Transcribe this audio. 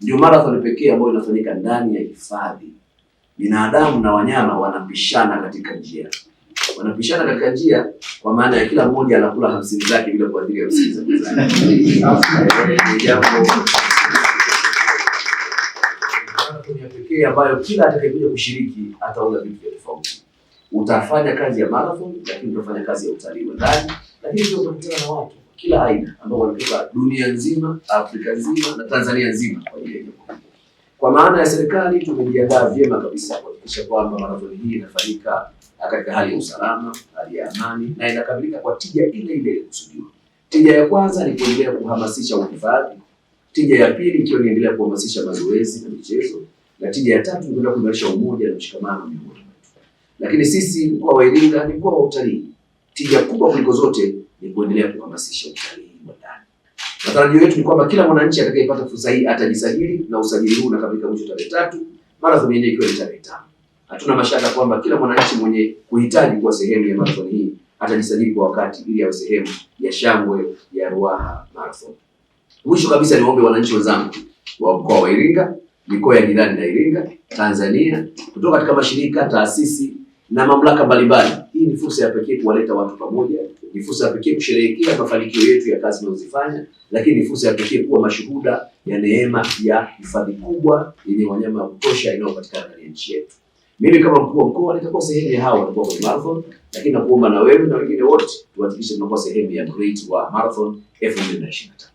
Ndio marathon pekee ambayo inafanyika ndani ya hifadhi. Binadamu na wanyama wanapishana katika njia, wanapishana katika njia kwa maana ya kila mmoja anakula hamsini zake bila kuathiri hamsini za ya pekee ambayo kila atakayekuja kushiriki ataona vitu vya tofauti. Utafanya kazi ya marathon, lakini utafanya kazi ya utalii wa ndani, lakini pia utakutana na watu kila aina ambao wanabeba dunia nzima, Afrika nzima na Tanzania nzima kwa ajili ya kwa maana ya serikali tumejiandaa vyema kabisa kuhakikisha kwamba marathoni hii inafanyika katika hali ya usalama, hali ya amani na inakamilika kwa tija ile ile iliyokusudiwa. Tija ya kwanza ni kuendelea kuhamasisha uhifadhi, tija ya pili ikiwa niendelea kuhamasisha mazoezi na michezo, na tija ya tatu ni kuendelea kuimarisha umoja na mshikamano miongoni mwetu. Lakini sisi mkoa wa Iringa ni mkoa wa utalii tija kubwa kuliko zote ni kuendelea kuhamasisha utalii wa ndani. Matarajio yetu ni kwamba kila mwananchi atakayepata fursa hii atajisajili, na usajili huu unakamilika mwisho tarehe tatu, marathoni yenyewe ikiwa ni tarehe tano. Hatuna mashaka kwamba kila mwananchi mwenye kuhitaji kuwa sehemu ya marathon hii atajisajili kwa wakati ili awe sehemu ya shangwe ya Ruaha Marathon. Mwisho kabisa, niombe wananchi wenzangu wa mkoa wa Iringa, mikoa ya jirani na Iringa, Tanzania, kutoka katika mashirika, taasisi na mamlaka mbalimbali hii ni fursa ya pekee kuwaleta watu pamoja, ni fursa ya pekee kusherehekea mafanikio yetu ya kazi tunazozifanya, lakini ni fursa ya pekee kuwa mashuhuda ya neema ya hifadhi kubwa yenye wanyama wa kutosha inayopatikana ndani ya nchi yetu. Mimi kama mkuu wa mkoa nitakuwa sehemu ya hawa watakuwa kwenye marathon, lakini nakuomba na wewe na wengine wote tuhakikishe tunakuwa sehemu ya great wa marathon 2025.